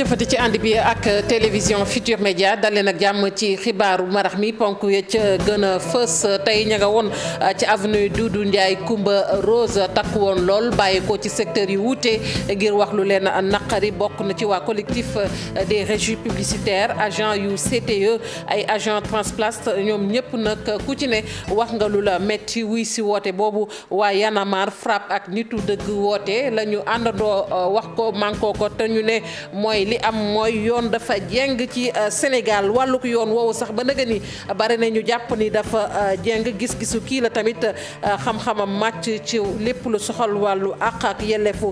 jëfati ci ànd bi ak télévision Futur Média dalee nag jàmm ci xibaaru marax mi ponk ya ca gën a fës tey ña nga woon uh, ci avenue Doudou Ndiaye Coumba Rose takk woon lool bàyyi ko ci secteur yi wuute ngir wax lu leen naqari bokk na ci waa collectif uh, des régies publicitaires agents yu CTE ay agent Transplace ñoom ñëpp nag ku ci ne wax nga lu la metti wuy si woote boobu waa Yanamar FRAPP ak nitu dëgg woote lañu ñu àndandoo uh, wax ko mànkoo ko te ñu ne mooy li am mooy yoon dafa jeng ci euh, Sénégal wàlluk yoon woowu sax ba nëgë ni bare na ñu jàpp ni dafa euh, jeng gis-gisu kii la tamit euh, xam-xamam màcc ci lépp lu soxal wàllu àq ak yelleefu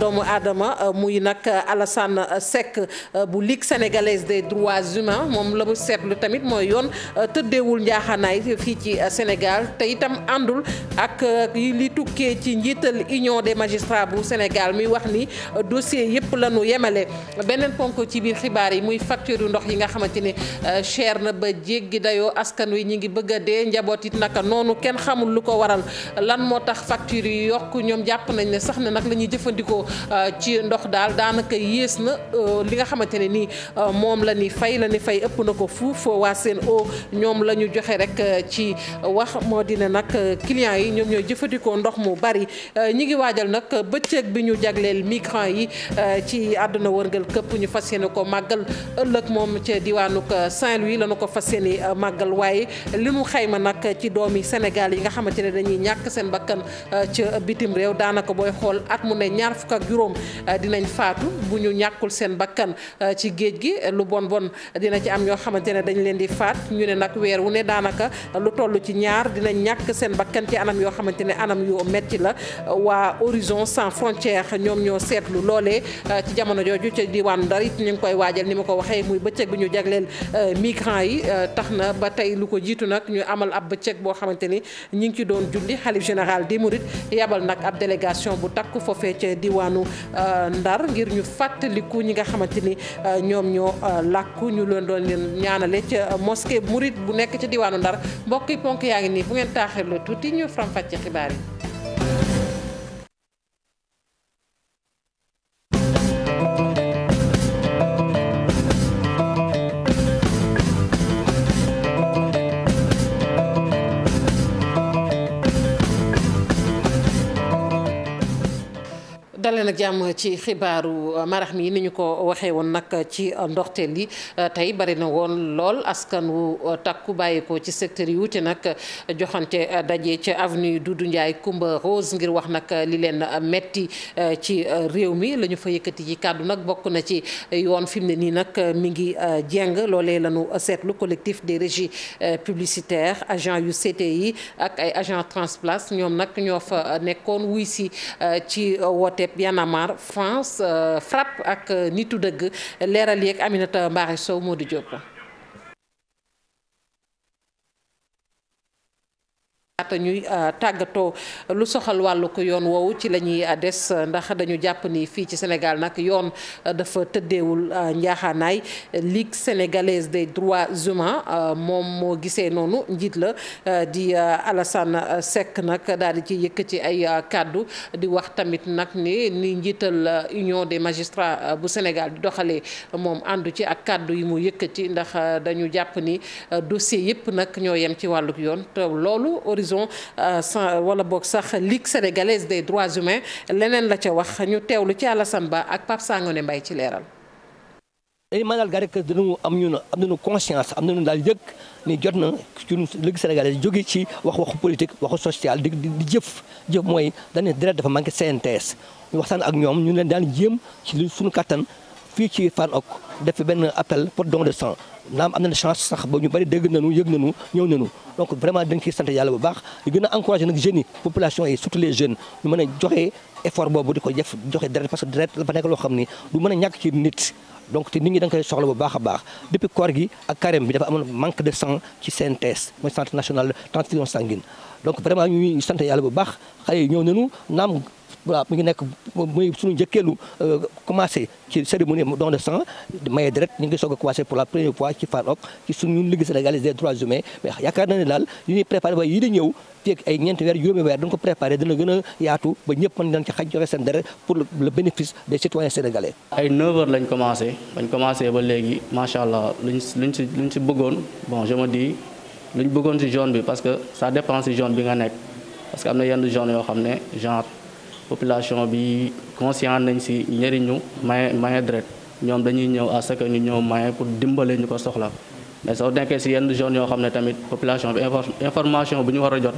doomu aadama muy nag Alassane Seck bu Ligue sénégalaise de droits humains moom la mu seetlu tamit mooy yoon tëddeewul njaaxanaay fii ci Sénégal te itam àndul ak li tukkee ci njiital Union des magistrats bu Sénégal mi wax ni dossier yëpp la ñu yemale beneen ponk ci biir xibaar yi muy facture yu ndox yi nga xamante ne euh, cher na ba jéggi dayoo askan wi ñu ngi bëgg a dee njaboot it naka noonu kenn xamul lu ko waral lan moo tax facture yi yokk ñoom jàpp nañ ne sax ne nag la ñuy jëfandikoo euh, ci ndox daal daanaka yées na euh, li nga xamante ne nii moom la ni fay la ni fay ëpp na ko fuuf waa seen o ñoom la ñu joxe rek ci wax moo dina nag clients yi ñoom ñooy jëfandikoo ndox mu bari ñi ngi waajal nag bëccëg bi ñu jagleel migrants yi ci àdduna wërngal këpp lépp ñu fas yéene ko màggal ëllëg moom ca diwaanuk euh, Saint-Louis la ñu ko fas yéene euh, màggal waaye li nu xayma nag ci doomi Sénégal yi nga xamante ne dañuy ñàkk seen bakkan euh, ca bitim réew daanaka booy xool at mu ne ñaar fukk ak juróom dinañ faatu bu ñu ñàkkul seen bakkan ci géej gi lu bon bon dina ci am ñoo xamante ne dañ leen di faat ñu ne nag weer wu ne daanaka lu toll ci ñaar dinañ ñàkk seen bakkan ci anam yoo xamante ne anam yu metti la waa Horizon Sans Frontières ñoom ñoo seetlu loolee ci jamono jooju ca diwaan Ndar it ñu ngi koy waajal ni ma ko waxee muy bëccëg bi ñu jagleel euh, migrants yi euh, tax na ba tey lu ko jiitu nag ñu amal ab bëccëg boo xamante ni ñu ngi ci doon julli xalif général des Mourides yabal nag ab délégation bu takku foofee ca diwaanu euh, Ndar ngir ñu fàttaliku ñi nga xamante ni ñoom ñoo làkku ñu leen doon leen ñaanale ca mosquée Mouride bu nekk ca diwaanu Ndar mbokki ponk yaa ngi nii bu ngeen taaxee la tuuti ñu faram-fàccee xibaar yi. daleen ak jàmm ci xibaaru uh, marax mi ni ñu ko waxee woon nag ci ndoxteel yi uh, tey bari na woon lool askan wu uh, takku bàyyeekoo ci secteur yi wute nag joxante daje ci avenue Doudou Ndiaye Coumba Rose ngir wax nag li leen metti ci réew mi lañu ñu fa yëkkati ci kàddu nag bokk na ci yoon fi mu ne nii nag mi ngi jeng loolee la ñu seetlu collectif des régi publicitaire agent yu yi ak ay agent Transplace ñoom nag ñoo fa nekkoon wuy si ci woote Yepp Y'en a marre France euh, FRAPP ak euh, nitu dëgg leeral yeeg Aminata Mbaare Sow moo di Diop laata ñuy euh, tàggatoo lu soxal wàllu yoon woowu ci la ñuy euh, des euh, ndax dañu jàpp ni fii ci Sénégal nag yoon dafa tëddeewul njaaxaanaay Ligue sénégalaise des droits humains moom moo gisee noonu njiit la di Alassane Seck nag daal di ci yëkkati ay kàddu di wax tamit nag ni ni njiital Union de magistrats bu Sénégal di doxalee moom àndu ci ak kàddu yi mu yëkkati ndax dañu jàpp ni dossier yëpp nag ñoo yem ci wàlluk yoon te loolu prison euh, wala boog sax Ligue sénégalaise des droits humains leneen la ca wax ñu teew lu ci Alassane Ba ak Pape Sangone mbay ci leeral. léegi maanaam daal rek dinañu am ñu am na nañu conscience am na nu daal yëg ni jot na suñu Ligue sénégalaise jóge ci wax waxu politique waxu social di di jëf jëf mooy dañu ne deret dafa manqué CNTS ñu waxtaan ak ñoom ñu leen daan jéem ci suñu kattan. fii ci Fann ok def benn appel pour don de sang naam am nañu chance sax ba ñu bëri dégg nañu yëg nañu ñëw nañu donc vraiment dañ ciy sant yàlla bu baax di gën a encouragé nag jeunes yi population surtout les jeunes ñu mën joxe effort boobu di ko joxe deret parce que deret dafa nekk xam ni du mën a ci nit. donc te nit ñi da nga koy soxla bu baax a baax depuis koor gi ak bi dafa amoon manque de sang ci CNTS mooy centre national transfusion sanguine donc vraiment voilà mi ngi nekk muy suñu njëkkeelu euh, commencé ci cérémonie don de sang maye deret ñu ngi soog a commencé pour la première fois ci FAROC ci suñu ligue sénégalaise des droits humains mais yaakaar daal li ñuy préparé waaye yi di ñëw fekk ay ñeenti weer juróomi weer dañ ko préparé dina yaatu ba ñëpp mën ci xaj joxe seen deret pour le bénéfice des citoyens sénégalais. ay 9 lañ commencé ba léegi macha allah luñ luñ si luñ si bëggoon bon je me dis luñ bëggoon si zone bi parce que ça dépend si bi nga nekk parce que am yoo xam ne genre. population bi conscient nañ si njëriñu maye maye deret ñoom dañuy ñëw à ce que ñu ñëw maye pour dimbale ñu ko soxla mais soo nekkee si yenn zones yoo xam ne tamit population bi information bi ñu war a jot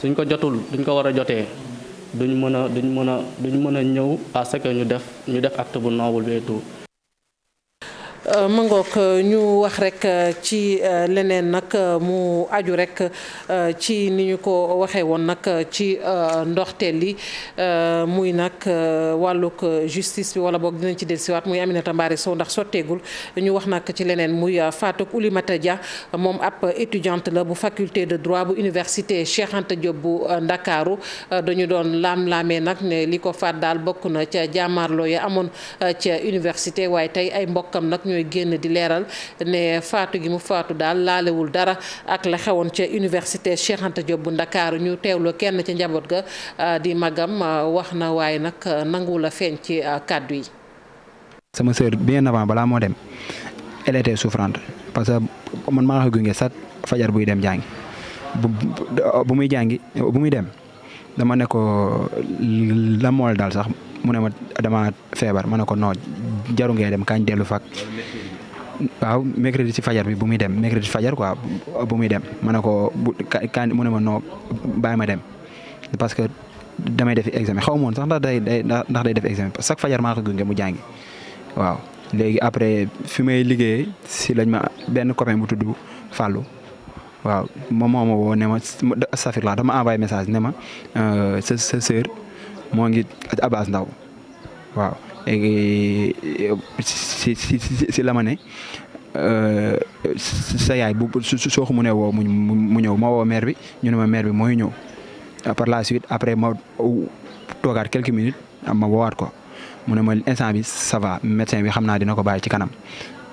suñ ko jotul duñ ko war a jotee duñ mën a duñ mën a duñ mën a ñëw à que ñu def ñu def acte bu noble bi et Euh, ma euh, ñu wax rek euh, ci leneen nag mu aju rek ci ni ñu ko waxee woon nag ci ndoxteel li muy nag wàllug justice bi wala boog dinañ ci dellusiwaat muy Aminata Mbaare Sow ndax sotteegul ñu wax nag ci leneen muy Fatou Oulimata Dia moom ab étudiante la bu faculté de droit bu université Cheikh Anta bu Ndakaaru dañu doon laam-laamee nag ne li ko faat daal bokk na ca jàmmaarloo ya amoon ca université waaye tey ay mbokkam nag. ñooy génn di leeral ne faatu gi mu faatu daal laalewul dara ak la xewoon ca université Cheikh Anta bu Ndakaaru ñu teewlu kenn ca njaboot ga di magam wax na waaye nag nangu la feeñ ci kàddu yi. sama sœur bien avant balaa moo dem elle était parce que man maa ngi gunge sax fajar buy dem jàngi bu muy jàngi bu muy dem dama ne la mool daal sax. mu ne ma dama feebar ma ne ko noo jaru ngee dem kañ dellu fak waaw mercredi ci fajar bi bu muy dem mercredi fajar quoi bu muy dem ma ne ko bu kañ mu ne ma noo bàyyi ma dem parce que damay def examen xaw ma sax ndax day day ndax day def examen chaque fajar maa ko gunge mu jàngi waaw. léegi après fi may liggéeyee si lañ ma benn copain bu tudd Fallou waaw moom moo ma safir laa dama envoyé message ne ma euh, sa sa moo ngi Abass Ndao waaw léegi si si si la ma ne euh, sa yaay bu soo ko mu ne woo mu mu ñëw ma woo maire bi ñu ne ma maire bi mooy ñëw par la suite après ma toogaat quelques minutes ma woowaat ko mu ne ma instant bi ça médecin bi xam naa dina ko bàyyi ci kanam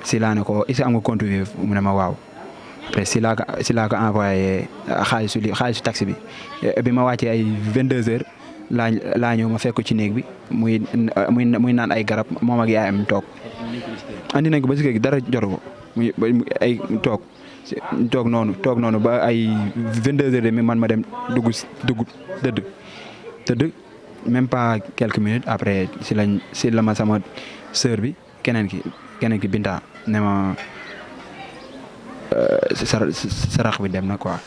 si laa ne ko est-ce am nga compte Wave mu ne ma waaw après si laa ko si laa ko envoyé xaalisu li xaalisu taxi bi bi ma wàccee ay 22 heures. laa laa ma fekk ci néeg bi muy muy muy naan ay garab moom ak yaayam toog. andi nañ ko ba si kër dara jotu ko muy ay toog toog noonu toog noonu ba ay vingt-deux heures mi man ma dem dugg dugg tëdd tëdd même pas quelques minutes après si lañ si la ma sama sœur bi keneen ki keneen ki Binta ne ma euh, sarax bi dem na quoi.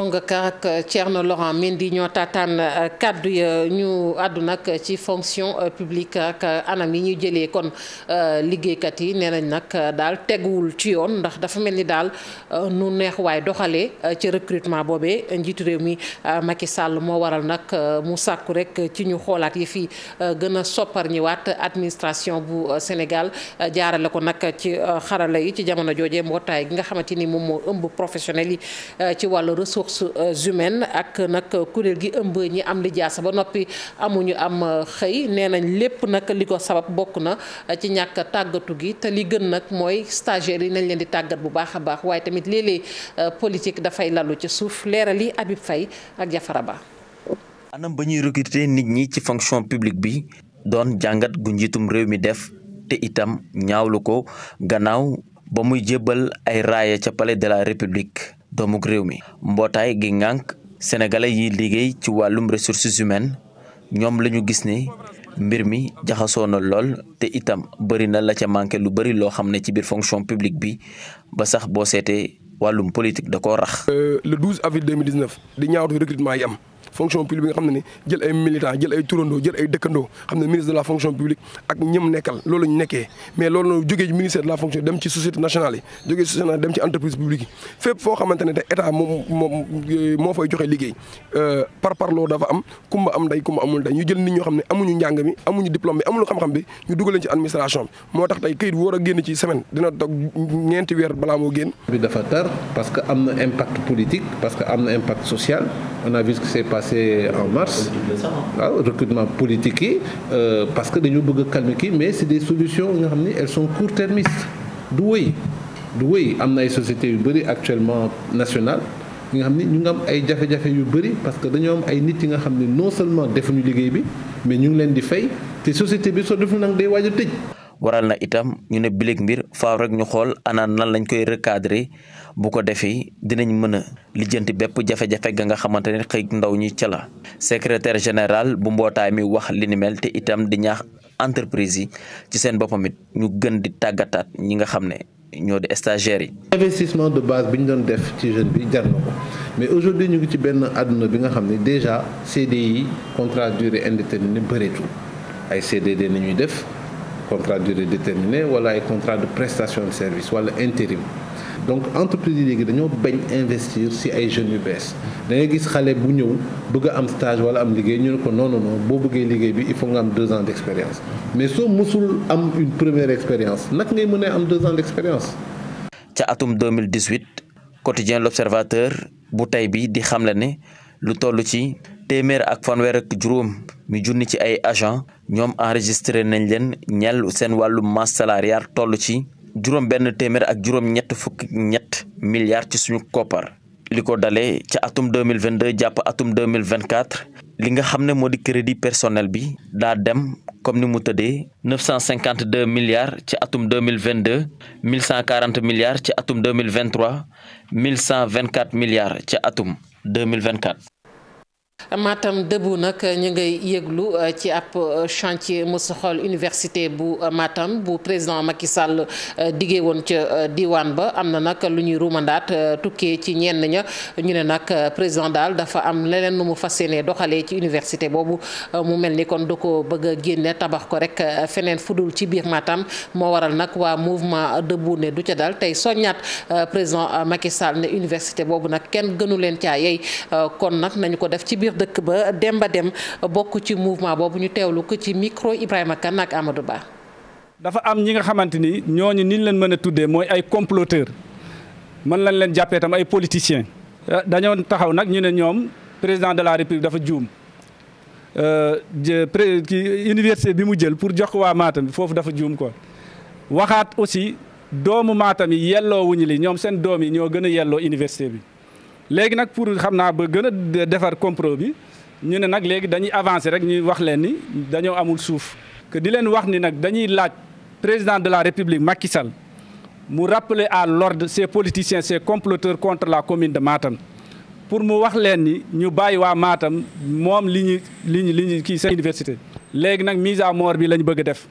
Songo Ka na Thierno Laurent Mendy ñoo tataan euh, kàddu ya ñu àddu nag ci fonction euh, publique ak euh, anam yi ñuy jëlee kon liggéeykat yi nee nañ nag daal teguwul ci yoon ndax dafa mel ni daal nu neex waay doxalee ci recrutement boobee njiitu réew mi Macky sàll moo waral nag mu sàkku rek ci ñu xoolaat yi fi gën a soppar ñiwaat administration bu Sénégal jaarale ko nag ci xarala yi ci jamono jooje mbootaay gi nga xamante ni moom moo ëmb professionnel yi ci wàllu ressources ressources humaines ak nag kuréel gi ëmb ñi am li jaasa ba noppi amuñu am xëy nee nañ lépp nag li ko sabab bokk na ci ñàkk tàggatu gi te li gën nag mooy stagiaires yi nañ leen di tàggat bu baax a baax waaye tamit léeg-léeg euh, politique dafay lalu ca suuf leeral yi Habib fay ak Jafara Ba anam ba ñuy recruter nit ñi ci fonction publique bi doon jàngat gu njiitum réew mi def te itam ñaawlu ko gannaaw ba muy jébbal ay raaya ca palais de la république doomug réew mi mbootaay gi ngànk sénégalais yi liggéey ci wàllum ressources humaines ñoom la ñu gis ni mbir mi jaxasoo na lool te itam bëri na la ca manqué lu bëri loo xam ne ci biir fonction publique bi ba sax boo seetee wàllum politique da koo rax. Euh, le 12 avril 2019 di ñaawtu recrutement yi am. fonction publique bi nga xam ne ni jël ay militant jël ay turandoo jël ay dëkkandoo xam ne ministre de la fonction publique ak ñëm nekkal loolu ñu nekkee mais loolu noonu jógee ministère de la fonction dem ci société nationale yi jógee ci entreprise publique yi fépp foo xamante ne te état moom moom moo fay joxe liggéey euh, par parloo dafa am kumba am day kumba amul day jël nit ñoo xam ne amuñu njàng mi amuñu diplôme bi amuñu xam-xam bi ñu dugaleen moo tax tey këyit war a génn ci semaine dina toog ñeenti weer balaa moo génn bi dafa tar parce que am na impact politique parce que am na impact social commencé en mars waaw recrutement politique yi euh, parce que dañoo bëgg a calmer kii mais c'est des solution nga xam ni elles sont court-termistes du wëy du wëy am na ay sociétés yu bëri actuellement nationales yi nga xam ni ñu ngi am ay jafe-jafe yu bëri parce que dañoo am ay nit yi nga xam ne non seulement defuñu liggéey bi mais ñu ngi leen di fay te société bi soo deful nag day waaj tëj waral na itam ñu ne bileeg mbir faaw rek ñu xool ana nan lañ koy recadrer bu ko defee dinañ mën a lijjanti bépp jafe ga nga xamante ne xëy ndaw ñi cala secretaire général bu mbootaay mi wax li te itam di ñaax entreprise yi ci seen boppam ñu gën di tàggataat ñi nga xam ne ñoo di stagiaires yi. investissement de base bi ñu doon def ci jeune bi jar na ko mais aujourd'hui ñu ci benn àdduna bi nga xam ne déjà CDI contrat durée indéterminée bëreetul ay CDD na ñuy def. contrat durée déterminée wala ay contrat de prestation de service wala intérim donc entreprise yi léegi dañoo bañ investir ci ay jeunes yu bees da ngay gis xale bu ñëw bëgg am stage wala am liggéey ñu ne ko non non boo bëggee liggéey bi il faut nga am deux ans d'expérience mais soo mësul am une première expérience nag ngay mën a am deux ans d'expérience. ca atum 2018 quotidien l'observateur bu tey bi di xamle ne lu toll ci. téeméer ak fanweer ak juróom mi junni ci ay agent ñoom enregistré nañ leen ñel seen wàllu masse toll ci juróom benn téeméer ak juróom ñett fukk ñett milliards ci suñu koppar li ko dale ca atum 2022 jàpp atum 2024 li nga xam ne moo di crédit personnel bi daa dem comme ni mu tëddee 952 milliards ci atum 2022 1140 milliards ci atum 2023 1124 milliards ci atum 2024 maatam debout nag ñu ngay yëglu euh, ci ab euh, chantier mosu xool université bu euh, maatam bu président Macky Sall diggee woon ca diwaan ba am na nag lu ñuy ruumandaat tukkee ci ñenn ña ñu ne nag président daal dafa am leneen lu mu fas yéenee doxalee ci université boobu mu mel ni kon du ko bëgg a génne tabax ko rek feneen fu dul ci biir Matam moo waral nag waa mouvement debout ne du ca dal tey soññaat président Macky Sall ne université boobu nag kenn gënu leen caa yey kon dëkk ba Demba Dem bokk ci mouvement boobu ñu teewlu ko ci micro Ibrahima Kane ak Amadou Ba. dafa am ñi nga xamante ni ñooñu ni leen mën a tuddee mooy ay comploteurs mën lañ leen jàppee tam ay politiciens. Euh, dañoo taxaw nag ñu ne ñoom président de la république dafa juum euh, université bi mu jël pour jox ko waa Matam foofu dafa juum ko waxaat aussi doomu Matam yi yelloo wuñu li ñoom seen doom yi ñoo gën a yelloo université bi. léegi nag pour xam naa ba gën a defar compromis bi ñu ne nag léegi dañuy avancer rek ñuy wax leen ni dañoo amul suuf que di leen wax ni nag dañuy laaj président de la république Macky Sall mu rappeler à l'ordre ces politicien ces completeur contre la commune de maatam pour mu wax leen ni ñu bàyyi waa Matam moom li ñu li ñu li ñu kii seen université léegi nag mise à mort bi la ñu bëgg def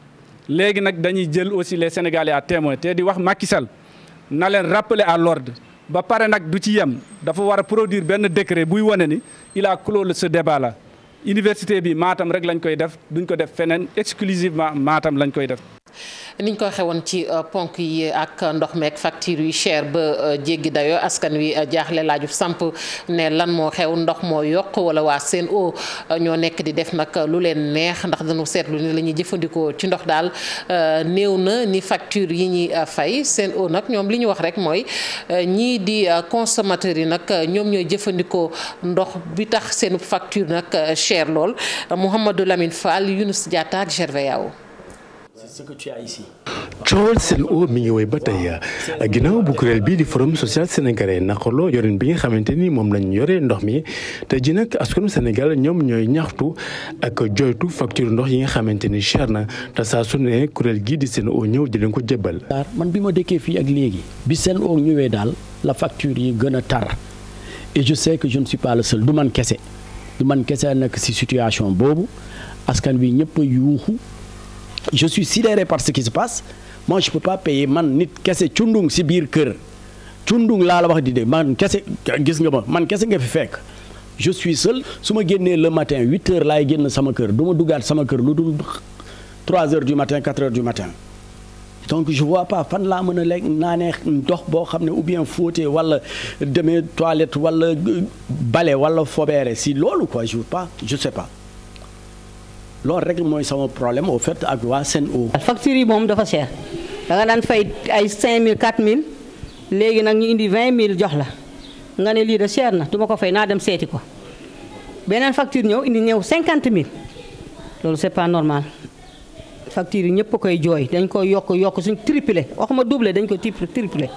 léegi nag dañuy jël aussi les Sénégalais à témoin te di wax Macky Sall na leen rappeler à l'ordre ba pare nag du ci yem dafa war a produir benn décret buy wane ni il a clos ce débat là université bi maatam rek lañ koy def duñ ko def feneen exclusivement maatam lañ koy def niñ ko waxee woon ci euh, ponk yi ak ndox meeg facture yu cher ba euh, jéggi dayoo askan wi euh, jaaxle laajub samp ne lan moo xew ndox moo yokk wala waa seen o ñoo nekk di def nag lu leen neex ndax dañu seetlu ni lañuy jëfandikoo ci ndox daal néew na ni facture yi ñuy fay Sen'Eau nag ñoom li ñu wax rek mooy ñii di consommateurs yi nag ñoom ñooy jëfandikoo ndox bi tax seen facture nag cher lool Mouhamadou Lamine Fall Younous Diatta ak Gervais coowal Sen'Eau mi ngi woy ba tey ginnaaw bu kuréel bii di forum social sénégalais naqarloo yorin bi nga xamante ni moom lañ yore ndox mi te ji nag askanu Sénégal ñoom ñooy ñaxtu ak joytu facture ndox yi nga xamante ni cher na te saa su ne kuréel gii di o ñëw di leen ko jébbal. man bi ma dëkkee fii ak léegi bi Sen'Eau ñëwee daal la facture yi gën a tar et je sais que je ne suis pas du man kese du man kese nak ci situation boobu askan bi ñëpp a je suis sidéré par ce qui se passe moo je peux pas payer man nit kese cundung si biir kër cundung laa la wax di de man kese gis nga ma man kese nga fi fekk je suis seul su ma génnee le matin huit heures laay génn sama kër du ma duggaat sama kër lu dul trois heures du matin quatre heures du matin donc je vois pas fan laa mën a lekk naa ne dox boo xam ne ou bien fóote wala demee toilette walla euh, bale wala fobeere si loolu quoi je vois pas je sais pas loolu rek mooy sama problème au fait ak waa Sen'Eau. facture yi moom dafa cher da daan fay ay cinq mille 5000 4000 léegi nag ñu indi mille jox la nga ne lii de cher na duma ko fay naa dem seeti ko beneen facture ñëw indi ñëw cinquante 50000 loolu c'est pas normal. facture yi ñëpp koy jooy dañ koy yokk yokk suñ triplé waxuma doublé dañ ko triplé a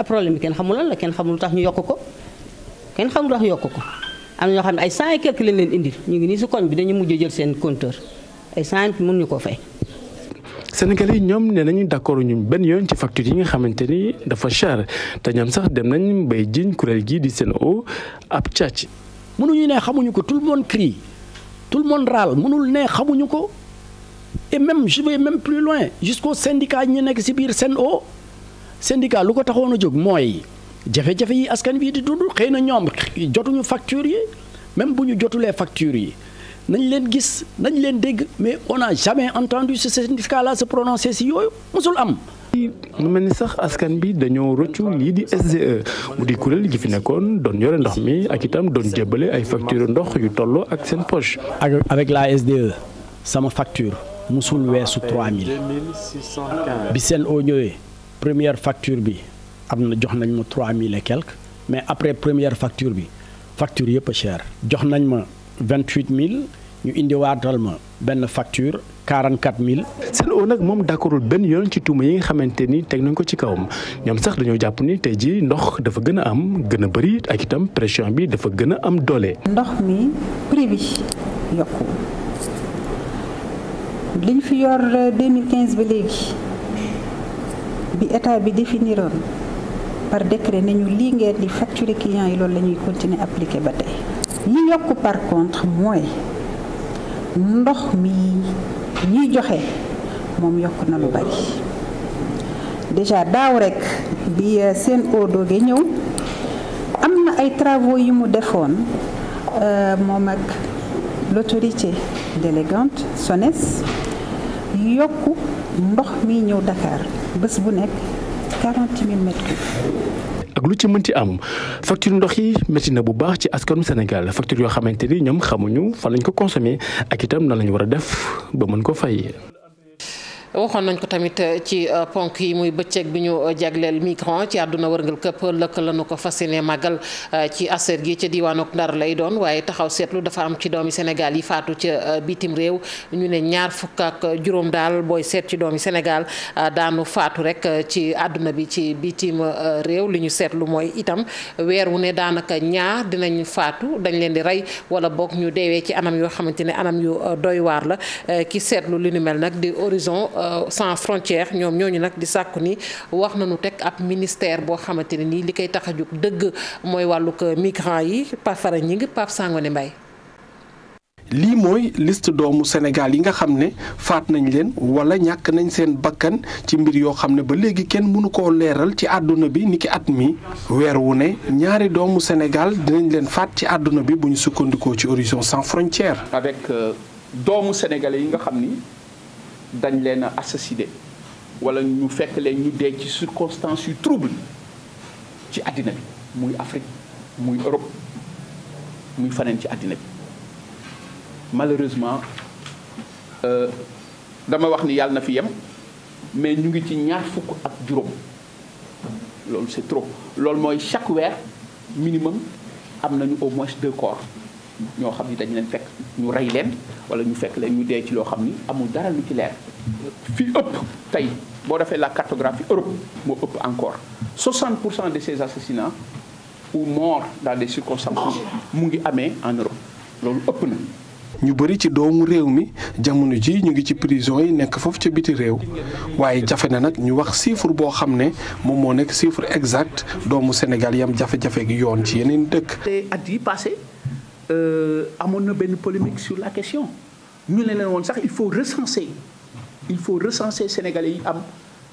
ah, problème bi kenn xamul lan la kenn xamul lu tax ñu yokk ko kenn xamul lu tax yokk ko. am na ñoo xam ne ay cent et quelque lañ leen indi ñu ngi nii si koñ bi dañu mujj jël seen compteur ay cent et mën ñu ko fay. Sénégalais yi ñoom nee nañu d'accord ñu benn yoon ci facture yi nga xamante ni dafa cher te ñoom sax dem nañ bay jiñ kuréel gii di seen Sen'Eau ab càcc. mënuñu ne xamuñu ko tout le monde crie tout le monde râle mënul ne xamuñu ko et même je même plus loin jusqu'au syndicat ñu nekk si biir seen o syndicat lu ko taxoon a jóg mooy. jafe-jafe yi askan bii di dund xëy na ñoom jotuñu facture yi même bu ñu jotulee facture yi nañ leen gis nañ leen dégg mais on n'a jamais entendu ce syndicat là se prononcer si yooyu musul am. mu mel ni sax askan bi dañoo rëccu lii di SDE mu di kuréel gi fi nekkoon doon yore ndox mi ak itam doon jébbale ay facture ndox yu tolloo ak seen poche. ak avec la SDE sama facture mosul weesu 3000 bi seen o ñëwee première facture bi. am na jox nañ ma 3000 et quelque mais après première facture bi facture yëpp a jox nañ ma 28000 ñu indiwaatal ma benn facture 44000. Sen'Eau nag moom d'accordul benn yoon ci tuuma yi nga xamante ni teg nañ ko ci kawam ñoom sax dañoo jàpp ni tey jii ndox dafa gën a am gën a bëri ak itam pression bi dafa gën a am doole. ndox mi prix bi yokku liñ fi yor ba léegi bi état bi définiroon par décret nañu lii ngeen di facturer clients yi loolu la ñuy continuer appliquer ba tey li yokk par contre mooy ndox mi ñuy joxe moom yokk na lu bari déjà daaw rekk bi euh, seen eau doogee ñëw am na ay travaux yu mu defoon euh, moom ak l'autorité délégante SONES yokk ndox mi ñëw Dakar bés bu nekk 40 000 mètres cubes ak lu ci mënti am facture ndox yi métti na bu baax ci askanu Sénégal facture yoo xamante ni ñoom xamuñu fan lañu ko consommer ak itam na lañ war a def ba mën koo fay. waxoon nañ ko tamit euh, ci euh, ponk yi muy bëccëg bi ñu euh, jagleel migrant ci àdduna war wërngal këpp lëkk lañu ko fas yéene màggal ci aser gi ca diwaanu Ndar lay doon waaye taxaw seetlu dafa am ci doomi Sénégal yi faatu ca biitim réew ñu ne ñaar fukk juróom daal booy seet ci doomi Sénégal daanu faatu rek ci àdduna bi ci bitim réew li ñu seetlu mooy itam weer wu ne daanaka ñaar dinañu faatu dañ leen di rey wala boog ñu deewee ci anam yoo xamante ne anam yu doy la ki seetlu li nu mel nag di horizon Euh, sans frontière ñoom ñooñu nag di sàkku ni wax nañu tekk ab ministère boo xamante ne nii li koy tax a jóg dëgg mooy wàllug euh, migrants yi Pape Fara ñi ngi Pape Sangone mbay lii mooy list doomu Sénégal yi nga xam ne faat nañ leen wala ñàkk nañ seen bakkan ci mbir yoo xam ne ba léegi kenn mënu koo leeral ci àdduna bi ni ki at mi weer wu ne ñaari doomu Sénégal dinañ leen faat ci àdduna bi bu ñu sukkandikoo ci Horizon Sans Frontières. avec euh, doomu sénégalais yi nga xam ni. dañ leen a assassiné wala ñu fekk leen ñu dee ci circonstances yu trouble ci àddina bi muy Afrique muy Europe muy faneen ci àddina bi malheureusement euh, dama wax ni yàlla na fi yem mais ñu ngi ci ñaar fukk ak juróom loolu c'est trop loolu mooy chaque weer minimum am nañu au moins de corps ñoo xam ni dañ leen fekk ñu rey leen wala ñu fekk leen ñu dee ci loo xam ni amul dara lu ci leer fi ëpp tey boo defee la cartographie Europe moo ëpp encore 60 pour cent de ces assassinats ou morts dans des circonstances mu ngi amee en loolu ëpp ñu bëri ci doomu réew mi jamono ji ñu ngi ci prison yi nekk foofu ca biti réew waaye jafe na nag ñu wax chiffre boo xam ne moom moo nekk chiffre exact doomu Sénégal yam jafe-jafe gi yoon ci yeneen dëkk. Euh, amoon na benn polémique sur la question ñu ne leen woon sax il faut recenser il faut recenser sénégalais yi am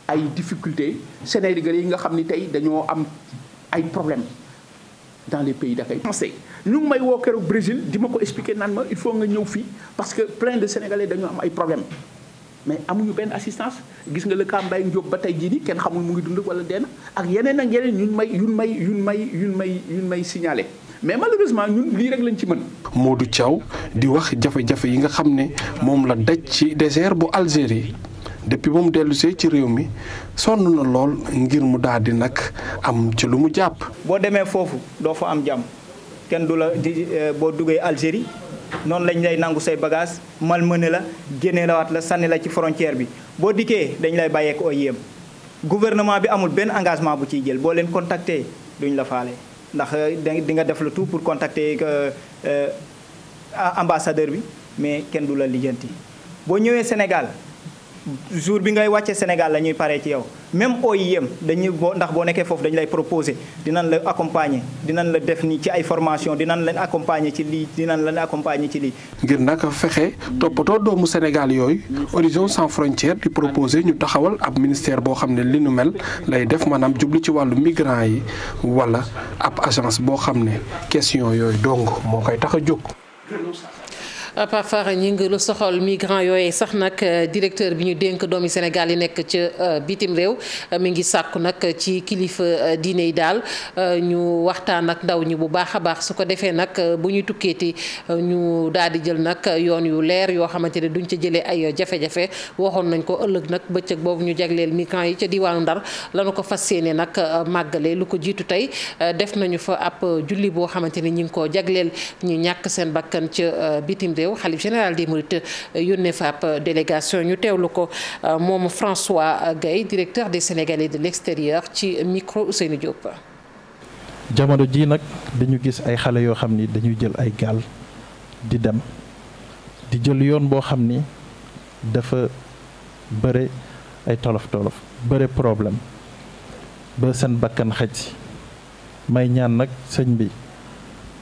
ay difficultés sénégalais yi nga xam ni tey dañoo am ay problèmes dans les pays d'accueil ñu ngi may woo keroog Brésil di ma ko expliquer naan ma il faut nga ñëw fii parce que plein de sénégalais dañoo am ay problèmes mais amuñu benn assistance gis nga le cas Mbaye Diop ba tey jii nii kenn xamul mu ngi dund wala dee na ak yeneen ak yeneen yuñ may yuñ may yuñ may yuñ may yuñ may signalé. mais malheureusement ñun lii rek lañ ci mën. Modou Thiaw di wax jafe-jafe yi nga xam ne moom la daj ci désert bu Algérie depuis ba mu dellusee ci réew mi sonn na lool ngir mu daal di nag am ci lu mu jàpp. boo demee foofu doo fa am jàmm kenn du la di eh, boo duggee Algérie noonu lañ lay nangu say bagage malmené la génnee la waat la sànni la ci frontière bi boo dikkee dañ lay bàyyeek ooy yéem gouvernement bi amul benn engagement bu ciy jël boo leen contacter duñ la faale. ndax euh, di nga def le tout pour contacter euh, euh, ambassadeur bi mais kenn du la lijjanti boo ñëwee Sénégal jour bi ngay wàcce Sénégal la ñuy paree ci yow même OIM dañuy boo ndax boo nekkee foofu dañu lay proposer dinañ la accompagner dinañ la def nii ci ay formation dinañ leen accompagner ci lii dinañ leen accompagner ci lii. ngir nag fexe toppatoo doomu Sénégal yooyu Horizon sans frontières di proposer ñu taxawal ab ministère boo xam ne li nu mel lay def maanaam jublu ci wàllu migrants yi wala ab agence boo xam ne question yooyu dong moo koy tax a jóg. Pape Fara Gningue lu soxal migrant yooyu sax nag euh, directeur bi ñu dénk doomi Sénégal yi nekk ca euh, bitim réew euh, mi ngi sàkku nag ci kilifa dine yi daal ñu waxtaan ak ndaw ñi bu baax a baax su ko defee nag bu ñu tukkeeti ñu daal di jël nag yoon yu leer yoo xamante ne duñ ca jëlee ay jafe-jafe waxoon nañ ko ëllëg nag bëccëg boobu ñu jagleel migrant yi ca diwaanu Ndar lañu ko fas yéene nag màggale lu ko jiitu tey def nañu fa ab julli boo xamante ni ñu ngi ko jagleel ñu ñàkk seen bakkan ca bitim réew xalif général des mourides euh, yónnee fa ab euh, délégation ñu teewlu ko euh, moom François Gaye directeur des Sénégalais de l'extérieur ci micro Ousseynou Diop. jamono jii nag dañu gis ay xale yoo xam ni dañuy jël ay gaal di dem di jël yoon boo xam ni dafa bëre ay tolof tolof bëre problème ba seen bakkan xaj si may ñaan nag sëñ bi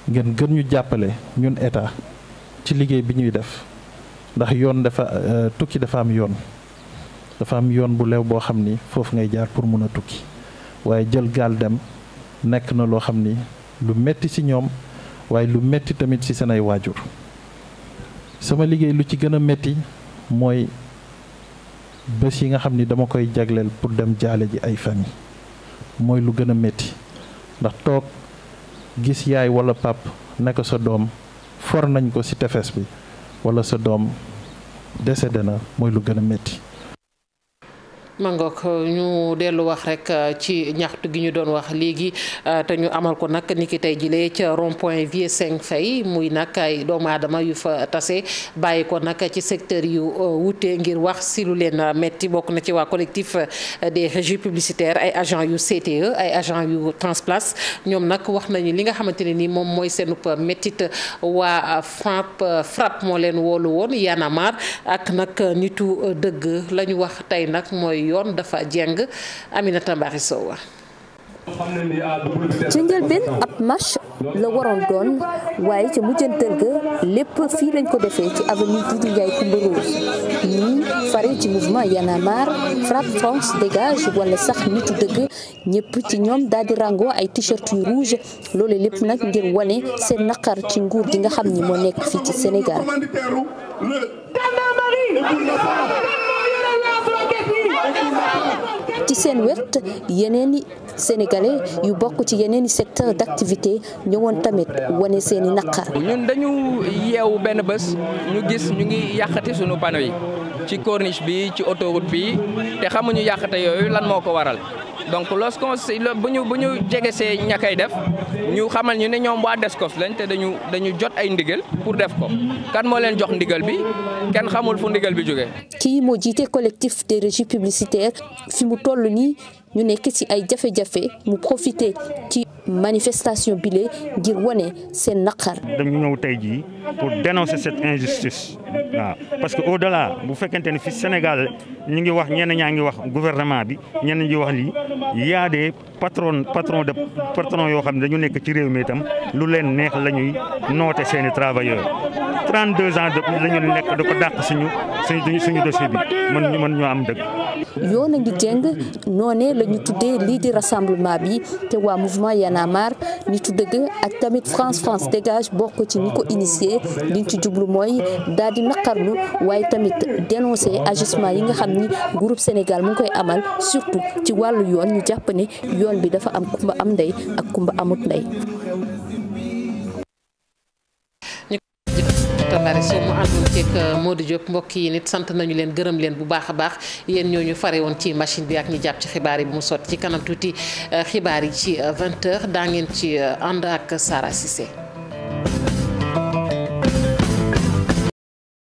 ngeen gën ñu jàppale ñun état. ci liggéey bi ñuy def ndax yoon dafa euh, tukki dafa am yoon dafa am yoon bu leew boo xam ni foofu ngay jaar pour mën a tukki waaye jël gaal dem nekk na loo xam ni lu metti ci ñoom waaye lu metti tamit ci seen ay waajur sama liggéey lu ci gën a metti mooy bés yi nga xam ni dama koy jagleel pour dem jaale ji ay famille mooy lu gën a metti ndax toog gis yaay walla pap nekk sa doom for nañ ko ci tefes bi walla sa doom décédé na mooy lu gën a métti ma ñu dellu wax rek euh, ci ñaxtu gi ñu doon wax léegi euh, te ñu amal ko nag ni ki tey jilee ca rond point Vieux Cinq Fay muy nag ay doomu aadama yu fa tase bàyyi ko nag ci secteur yu euh, wute ngir wax si lu leen metti bokk na ci waa collectif des régies publicitaires ay agent yu CTE ay agent yu Transplace ñoom nag wax nañu li nga xamante ne ni moom mooy seenub mettit waa FRAPP FRAPP moo leen woolu woon Y'en ak nag nitu dëgg la ñu wax tey nag mooy yoon dafa jeng amina Mbaxi Sow ci njëlbeen ab marche la waroon doon waaye ca mujjantal ga lépp fii lañ ko defee ci avenue Doudou Ndiaye Coumba Rose ñii fare ci mouvement Y en FRAPP France dégage wala sax nitu dëgg ñëpp ci ñoom daal di ràngoo ay t-shirt yu rouge loolu lépp nag ngir wane seen naqar ci nguur gi nga xam ni moo nekk fii ci Sénégal. ci seen wet yeneen i sénégalais yu bokk ci yeneen i secteur d'activité ñëwoon tamit wane seen i naqar. ñun dañu yeewu benn bés ñu gis ñu ngi yàqati sunu panneau yi ci corniche bi ci autoroute bi te xamuñu yàqte yooyu lan moo ko waral. donc lorsqu'on bu ñu bu ñu jege see ñakay def ñu xamal ñu ne ñoom waa Descos lañ te dañu dañu jot ay ndigal pour def ko kan moo leen jox ndigal bi kenn xamul fu ndigal bi jógee. kii moo jiite collectif des régies publicitaires si mu toll nii ñu nekk si ay jafe-jafe mu profité ci manifestation bi lee ngir wone seen naqar. dañu ñëw tey jii pour dénoncer cette injustice waaw parce que au delà bu fekkente ne fi Sénégal ñu ngi wax ñenn ñaa ngi wax gouvernement bi ñenn ñi wax lii yaa a des patron patron de patron yoo xam ne dañu nekk ci réew mi itam lu leen neex la ñuy noote seeni travailleurs 32 ans de la ñu nekk da ko dàq suñu suñu suñu dossier bi mën ñu mën ñoo am dëgg. yoon a ngi jëng noonee la ñu tuddee lii di rassemblement bi te waa mouvement Y'en a marre dëgg ak tamit France France dégage bokk ci ñi ko initié liñ ci jublu mooy daal di naqarlu waaye tamit dénoncé agissement yi nga xam ni groupe Sénégal mu ngi koy amal surtout ci wàllu yoon ñu jàpp ni yoon bi dafa am kumba am ndey ak kumba amut ndey Barry Sow mu àndoon ceeg euh, Modou Diop mbokk yi nit sant nañu leen gërëm leen bu baax a baax yéen ñoo ñu fare woon ci machine bi ak ñi jàpp ci xibaar yi bu mu sotti ci kanam tuuti euh, xibaar yi ci 20 euh, daa ngeen ci ànd ak Sara Cissé.